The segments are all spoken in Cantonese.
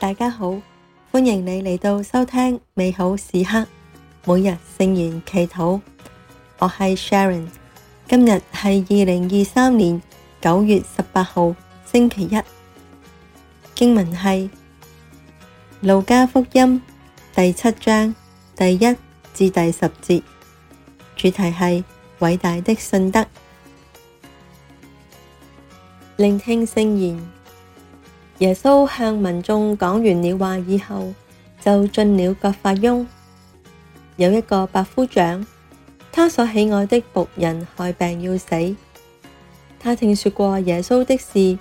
大家好，歡迎你嚟到收聽美好時刻每日聖言祈禱。我係 Sharon，今日係二零二三年九月十八號星期一。經文係《路加福音》第七章第一至第十節，主題係偉大的信德。聆聽聖言。耶穌向民眾講完了話以後，就進了葛法翁。有一個百夫長，他所喜愛的僕人害病要死，他聽說過耶穌的事，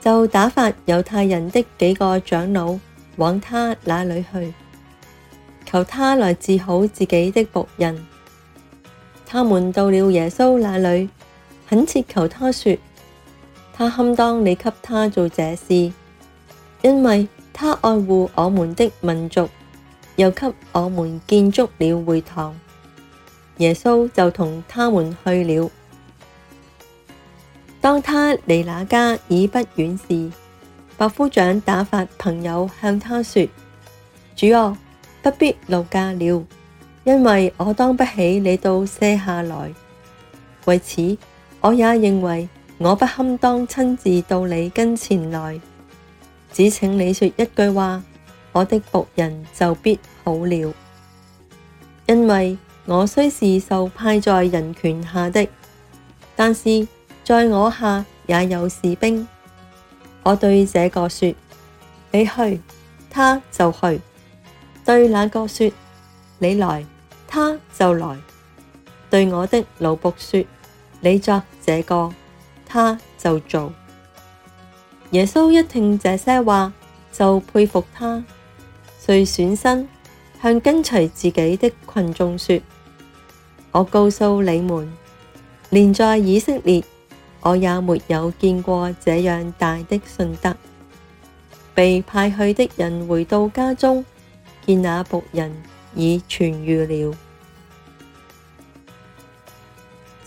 就打發猶太人的幾個長老往他那裡去，求他來治好自己的僕人。他們到了耶穌那裡，懇切求他說：「他堪當你給他做這事。因為他愛護我們的民族，又給我們建築了會堂，耶穌就同他們去了。當他離那家已不遠時，百夫長打發朋友向他說：主啊，不必勞駕了，因為我當不起你到舍下來。為此，我也認為我不堪當親自到你跟前來。只請你說一句話，我的僕人就必好了。因為我雖是受派在人權下的，但是在我下也有士兵。我對這個說：你去，他就去；對那個說：你來，他就來；對我的老僕說：你作這個，他就做。耶穌一聽這些話，就佩服他，遂轉身向跟隨自己的群眾說：我告訴你們，連在以色列，我也沒有見過這樣大的信德。被派去的人回到家中，見那僕人已痊癒了。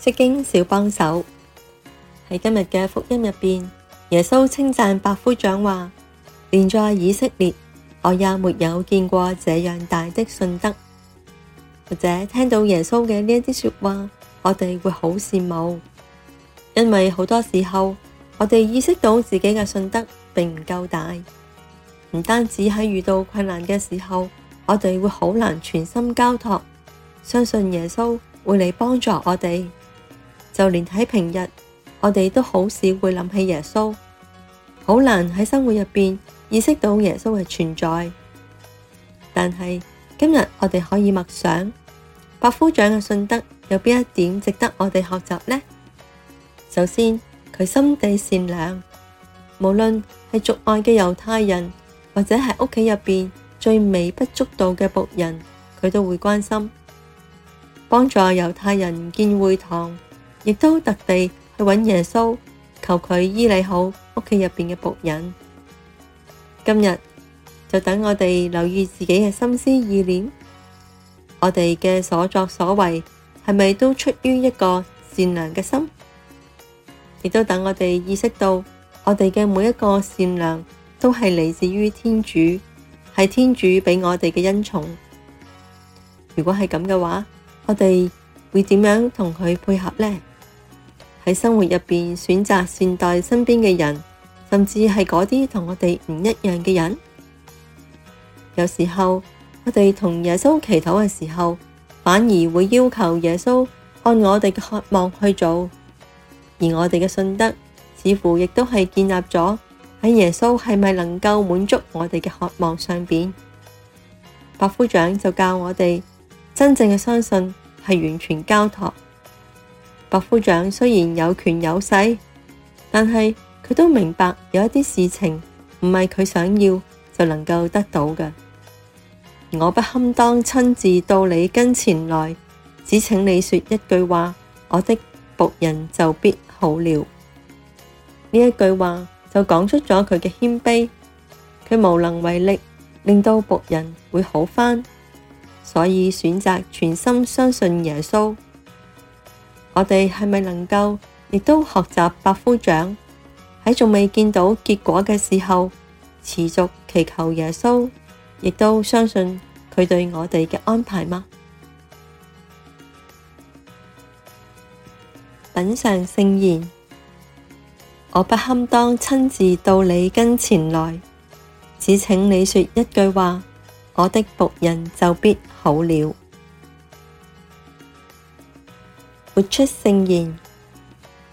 《釋經小幫手》喺今日嘅福音入邊。耶穌稱讚百夫長話：「連在以色列，我也沒有見過這樣大的信德。」或者聽到耶穌嘅呢一啲說話，我哋會好羨慕，因為好多時候，我哋意識到自己嘅信德並唔夠大。唔單止喺遇到困難嘅時候，我哋會好難全心交託，相信耶穌會嚟幫助我哋，就連喺平日。我哋都好少會諗起耶穌，好難喺生活入邊意識到耶穌嘅存在。但係今日我哋可以默想百夫長嘅信德有邊一點值得我哋學習呢？首先，佢心地善良，無論係族外嘅猶太人，或者係屋企入邊最微不足道嘅僕人，佢都會關心，幫助猶太人建會堂，亦都特地。去揾耶穌，求佢醫治好屋企入邊嘅僕人。今日就等我哋留意自己嘅心思意念，我哋嘅所作所為係咪都出於一個善良嘅心？亦都等我哋意識到，我哋嘅每一個善良都係嚟自於天主，係天主俾我哋嘅恩寵。如果係咁嘅話，我哋會點樣同佢配合呢？喺生活入面選擇善待身邊嘅人，甚至係嗰啲同我哋唔一樣嘅人。有時候我哋同耶穌祈禱嘅時候，反而會要求耶穌按我哋嘅渴望去做，而我哋嘅信德似乎亦都係建立咗喺耶穌係咪能夠滿足我哋嘅渴望上面。百夫長就教我哋真正嘅相信係完全交託。百夫長雖然有權有勢，但係佢都明白有一啲事情唔係佢想要就能夠得到嘅。我不堪當親自到你跟前來，只請你說一句話，我的僕人就必好了。呢一句話就講出咗佢嘅謙卑，佢無能為力，令到僕人會好返，所以選擇全心相信耶穌。我哋係咪能夠亦都學習百夫長喺仲未見到結果嘅時候，持續祈求耶穌，亦都相信佢對我哋嘅安排嗎？品嚐聖言。我不堪當親自到你跟前來，只請你說一句話，我的僕人就必好了。活出聖言。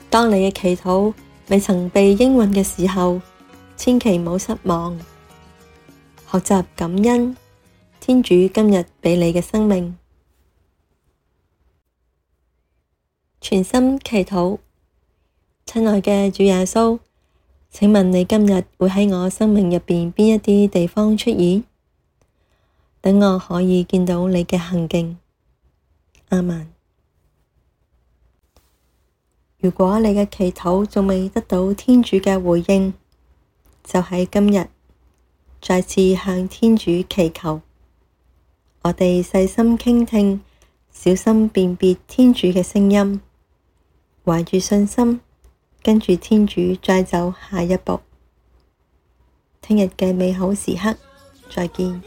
當你嘅祈禱未曾被應允嘅時候，千祈唔好失望。學習感恩天主今日俾你嘅生命，全心祈禱，親愛嘅主耶穌，請問你今日會喺我生命入邊邊一啲地方出現？等我可以見到你嘅行徑。阿們。如果你嘅祈禱仲未得到天主嘅回應，就喺今日再次向天主祈求。我哋細心傾聽，小心辨別天主嘅聲音，懷住信心跟住天主再走下一步。聽日嘅美好時刻，再見。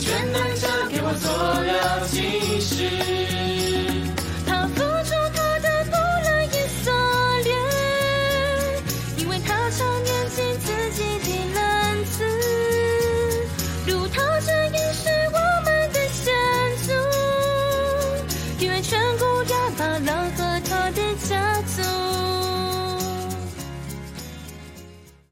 全能者給我做了啟示。